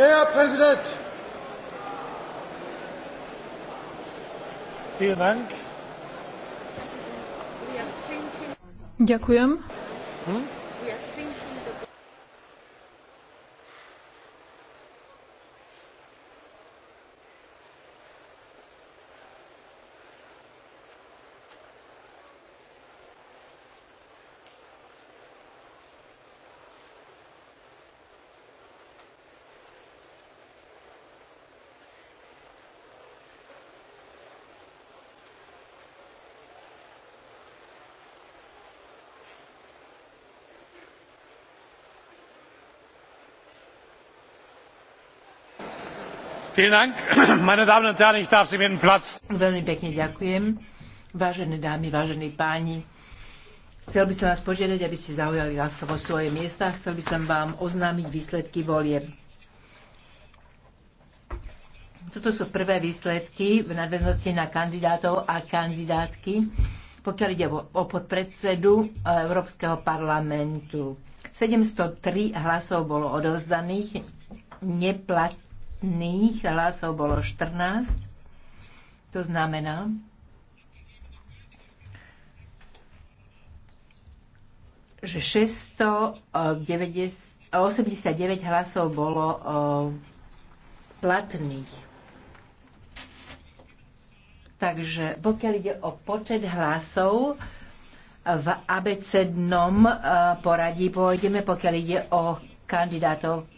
Der Präsident! Vielen Dank. Ďakujem. Hm? Veľmi pekne ďakujem. Vážené dámy, vážení páni, chcel by som vás požiadať, aby ste zaujali láskavo svoje miesta. Chcel by som vám oznámiť výsledky volieb. Toto sú prvé výsledky v nadväznosti na kandidátov a kandidátky, pokiaľ ide o podpredsedu Európskeho parlamentu. 703 hlasov bolo odovzdaných, neplatí Platných hlasov bolo 14. To znamená, že 689 eh, hlasov bolo eh, platných. Takže pokiaľ ide o počet hlasov, v abecednom eh, poradí pôjdeme, pokiaľ ide o kandidátov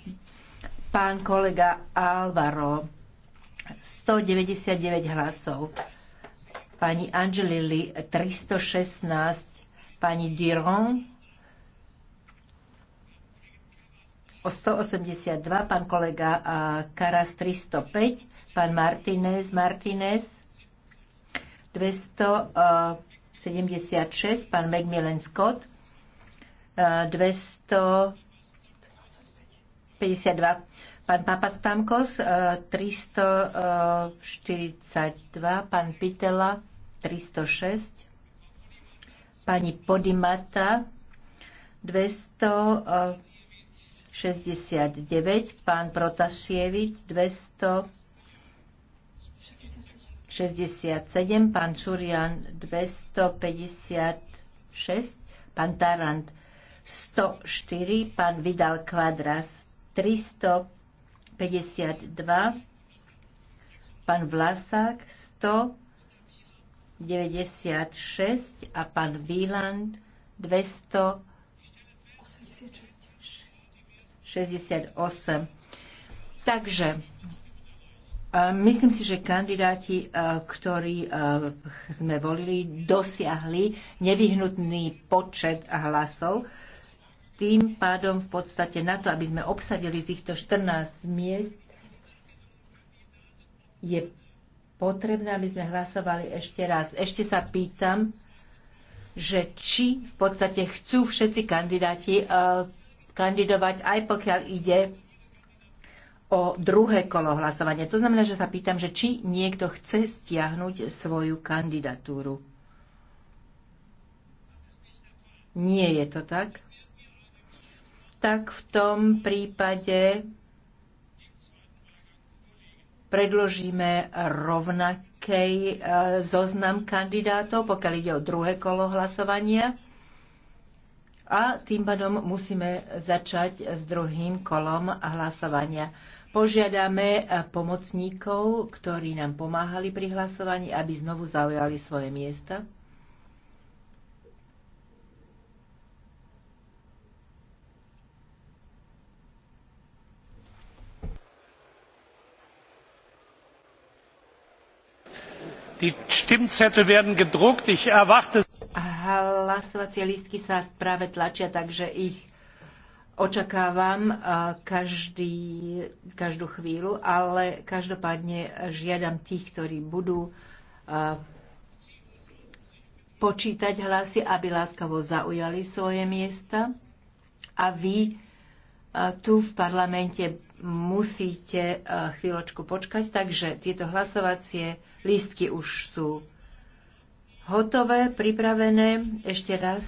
pán kolega Alvaro 199 hlasov, pani Angelili 316, pani Diron o 182, pán kolega Karas 305, pán Martinez Martinez 276, pán Macmillan Scott 200 52. Pán Stamkos, 342, e, e, pán Pitela 306, pani Podimata 269, e, pán Protasievič 267, pán Čurian 256, pán Tarant 104, pán Vidal Kvadras 352, pán Vlasák 196 a pán Výland 268. Takže myslím si, že kandidáti, ktorí sme volili, dosiahli nevyhnutný počet hlasov tým pádom v podstate na to, aby sme obsadili z týchto 14 miest, je potrebné, aby sme hlasovali ešte raz. Ešte sa pýtam, že či v podstate chcú všetci kandidáti eh, kandidovať, aj pokiaľ ide o druhé kolo hlasovania. To znamená, že sa pýtam, že či niekto chce stiahnuť svoju kandidatúru. Nie je to tak tak v tom prípade predložíme rovnaký e, zoznam kandidátov, pokiaľ ide o druhé kolo hlasovania. A tým pádom musíme začať s druhým kolom hlasovania. Požiadame e, pomocníkov, ktorí nám pomáhali pri hlasovaní, aby znovu zaujali svoje miesta. Die Stimmzettel werden gedruckt. Ich erwarte... Hlasovacie lístky sa práve tlačia, takže ich očakávam každý, každú chvíľu, ale každopádne žiadam tých, ktorí budú počítať hlasy, aby láskavo zaujali svoje miesta. A vy tu v parlamente musíte e, chvíľočku počkať. Takže tieto hlasovacie lístky už sú hotové, pripravené. Ešte raz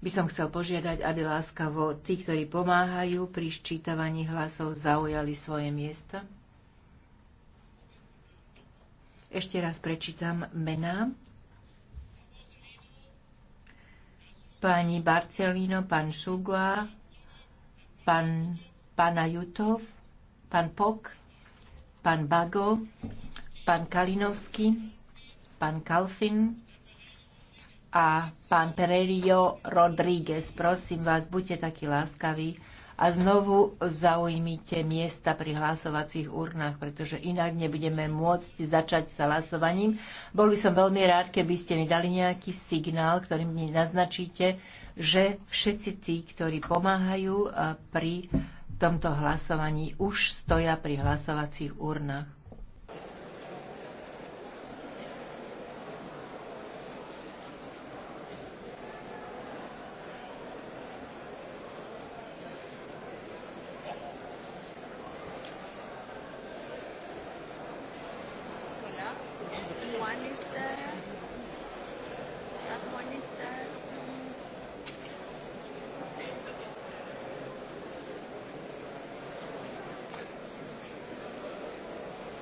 by som chcel požiadať, aby láskavo tí, ktorí pomáhajú pri ščítavaní hlasov, zaujali svoje miesta. Ešte raz prečítam mená. Pani Barcelino, pán Šugua, pán pána Jutov, pán Pok, pán Bago, pán Kalinovský, pán Kalfin a pán Pererio Rodríguez. Prosím vás, buďte takí láskaví a znovu zaujmite miesta pri hlasovacích urnách, pretože inak nebudeme môcť začať sa hlasovaním. Bol by som veľmi rád, keby ste mi dali nejaký signál, ktorým mi naznačíte, že všetci tí, ktorí pomáhajú pri tomto hlasovaní už stoja pri hlasovacích urnách.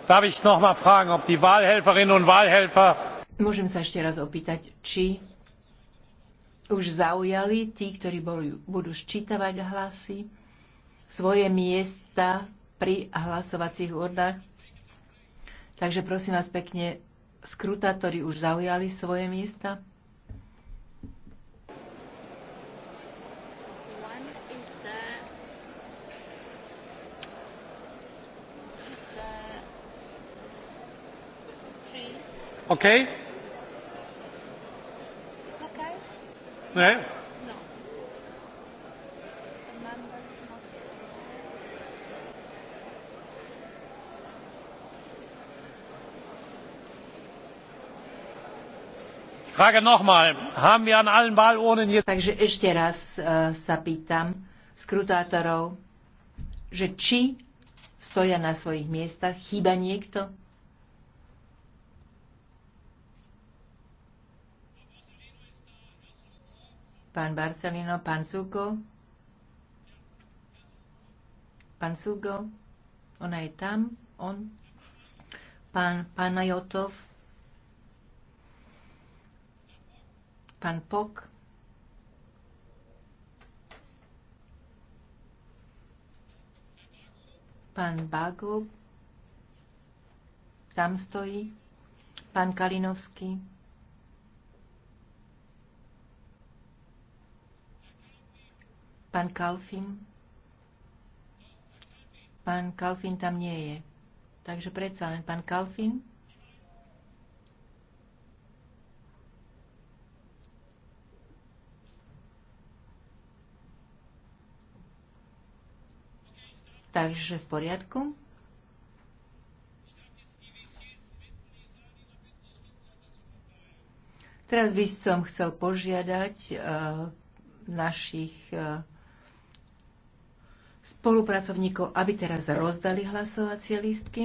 Darf ich noch mal fragen, ob die Wahlhelferinnen und Wahlhelfer... Môžem sa ešte raz opýtať, či už zaujali tí, ktorí boli, budú ščítavať hlasy, svoje miesta pri hlasovacích urnách. Takže prosím vás pekne, skrutátori už zaujali svoje miesta. Okay? It's no. The member's not Frage nochmal. Haben wir an allen Wahlurnen Takže ešte raz uh, sa pýtam skrutátorov, že či stoja na svojich miestach, chýba niekto? Pán Barcelino, pán Zugo, Pán Zugo, ona je tam, on. Pán Panajotov. Pán Pok. Pán Bago. Tam stojí. Pán Kalinovský. Pán Kalfin? Pán Kalfin tam nie je. Takže predsa len pán Kalfin. Takže v poriadku. Teraz by som chcel požiadať uh, našich uh, spolupracovníkov, aby teraz rozdali hlasovacie lístky.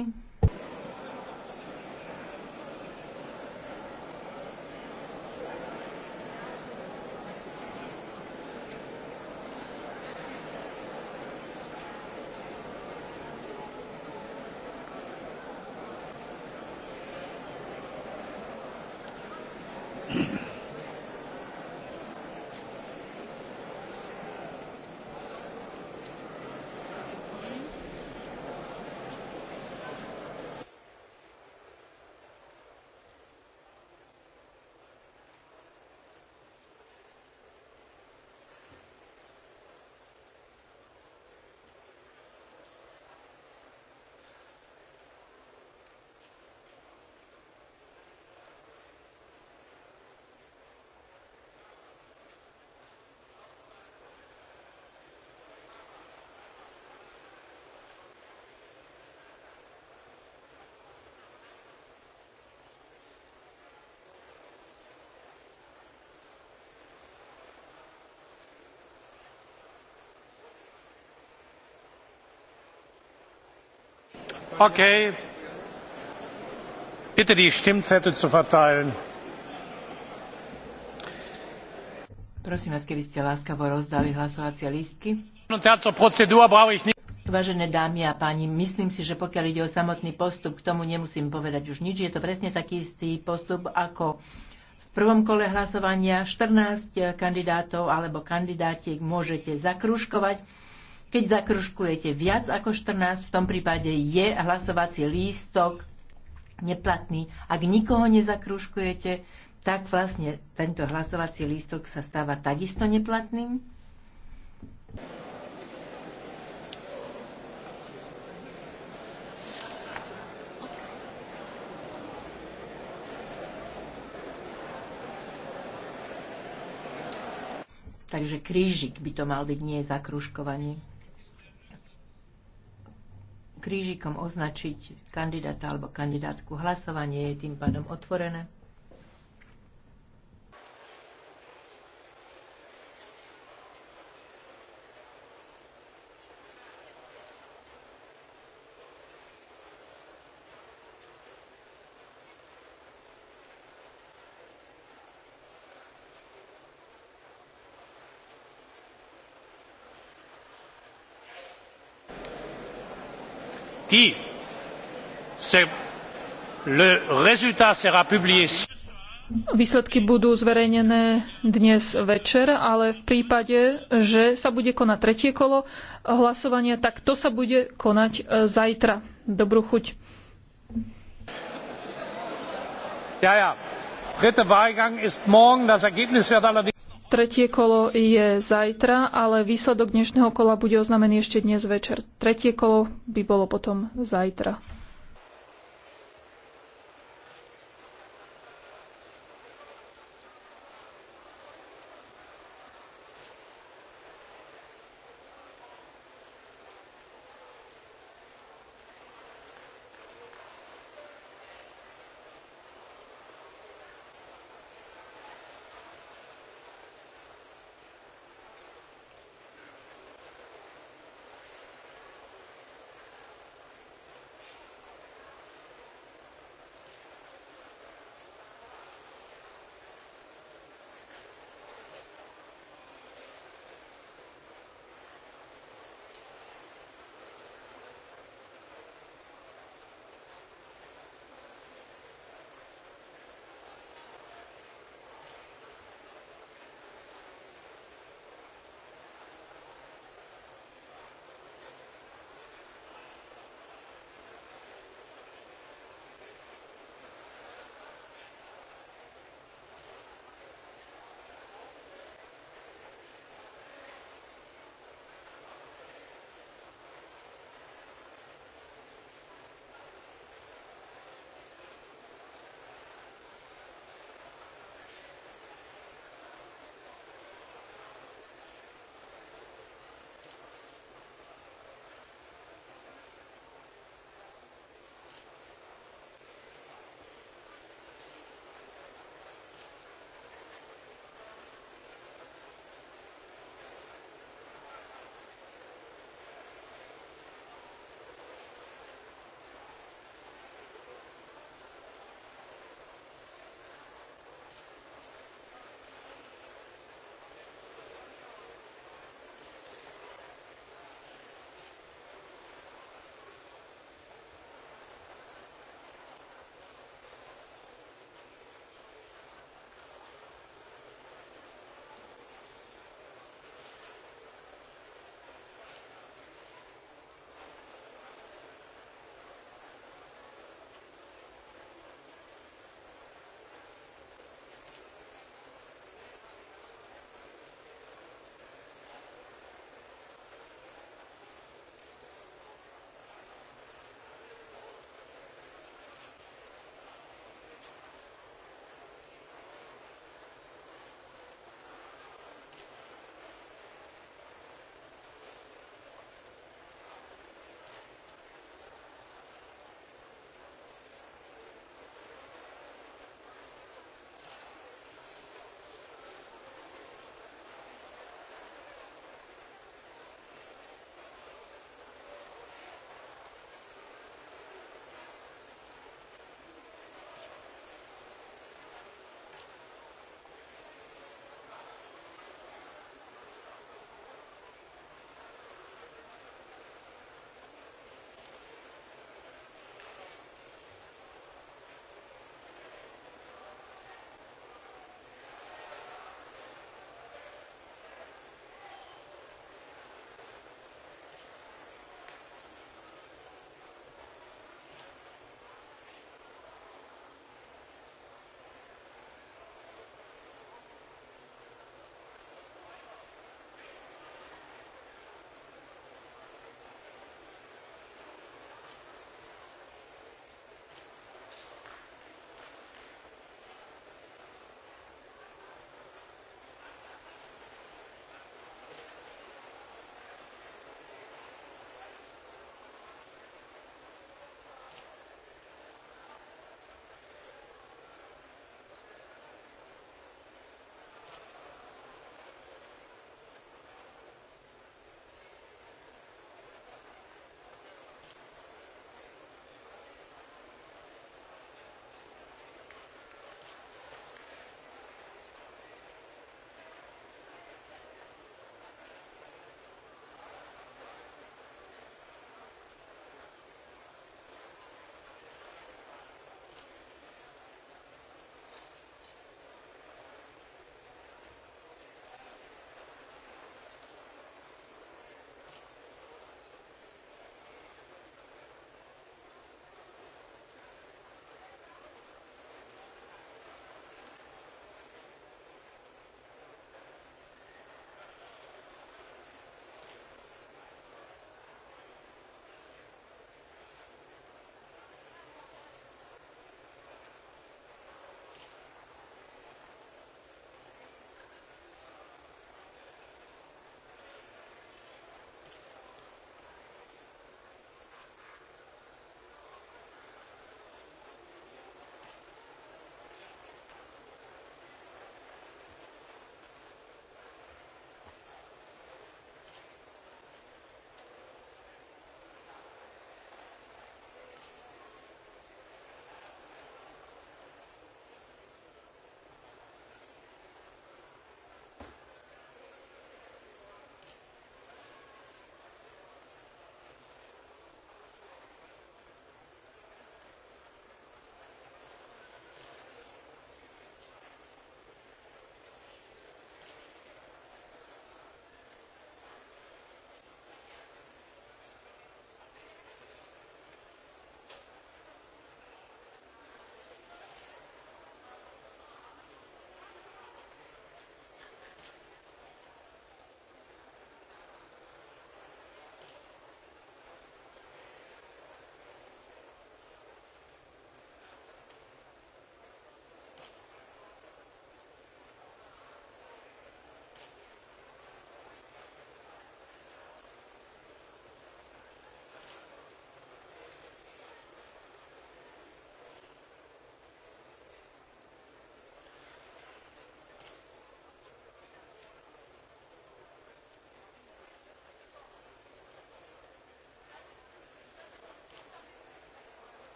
Okay. Bitte die Stimmzettel zu verteilen. Prosím vás, keby ste láskavo rozdali hlasovacie lístky. Vážené dámy a páni, myslím si, že pokiaľ ide o samotný postup, k tomu nemusím povedať už nič. Je to presne taký istý postup ako v prvom kole hlasovania. 14 kandidátov alebo kandidátiek môžete zakružkovať. Keď zakružkujete viac ako 14, v tom prípade je hlasovací lístok neplatný. Ak nikoho nezakružkujete, tak vlastne tento hlasovací lístok sa stáva takisto neplatným. Takže krížik by to mal byť, nie zakružkovanie krížikom označiť kandidáta alebo kandidátku. Hlasovanie je tým pádom otvorené. qui le résultat sera publié Výsledky budú zverejnené dnes večer, ale v prípade, že sa bude konať tretie kolo hlasovania, tak to sa bude konať e, zajtra. Dobrú chuť. Ja, ja. Dritte Wahlgang ist morgen. Das Ergebnis wird Tretie kolo je zajtra, ale výsledok dnešného kola bude oznamený ešte dnes večer. Tretie kolo by bolo potom zajtra.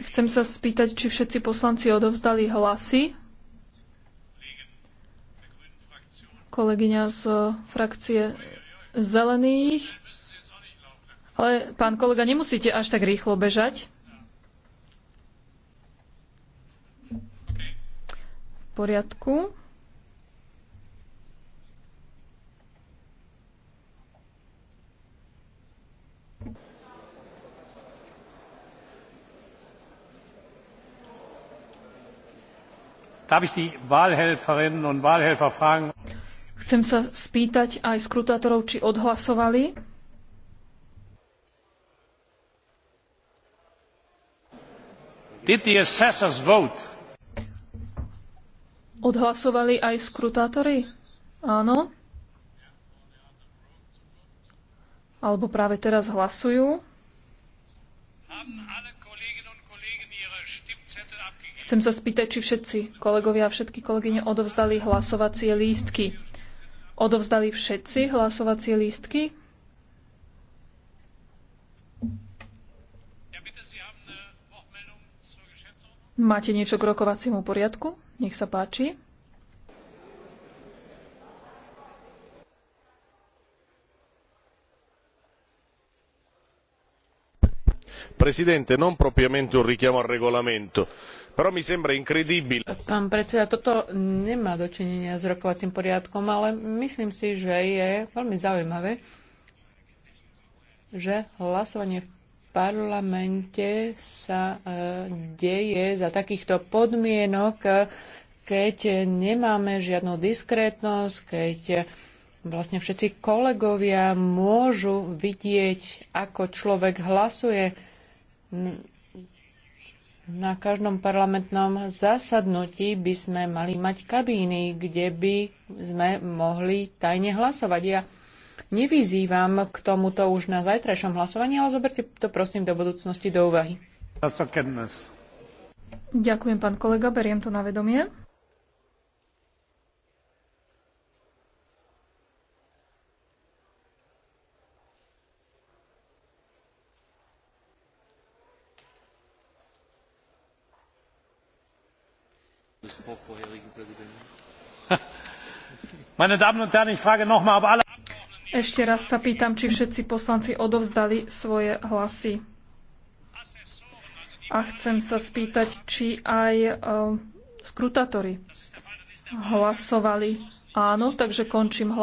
Chcem sa spýtať, či všetci poslanci odovzdali hlasy. Kolegyňa z frakcie zelených. Ale pán kolega, nemusíte až tak rýchlo bežať. V poriadku. Chcem sa spýtať aj skrutátorov, či odhlasovali. Odhlasovali aj skrutátori? Áno. Alebo práve teraz hlasujú? Haben alle Chcem sa spýtať, či všetci kolegovia a všetky kolegyne odovzdali hlasovacie lístky. Odovzdali všetci hlasovacie lístky? Máte niečo k rokovaciemu poriadku? Nech sa páči. presidente non propriamente un richiamo al regolamento però mi sembra incredibile. pán predseda toto nemá dočinenia s rokovacím poriadkom ale myslím si že je veľmi zaujímavé že hlasovanie v parlamente sa e, deje za takýchto podmienok keď nemáme žiadnu diskrétnosť keď vlastne všetci kolegovia môžu vidieť, ako človek hlasuje na každom parlamentnom zasadnutí by sme mali mať kabíny, kde by sme mohli tajne hlasovať. Ja nevyzývam k tomuto už na zajtrajšom hlasovaní, ale zoberte to prosím do budúcnosti do úvahy. Ďakujem, pán kolega, beriem to na vedomie. Ešte raz sa pýtam, či všetci poslanci odovzdali svoje hlasy. A chcem sa spýtať, či aj e, skrutátori hlasovali áno, takže končím hlasovanie.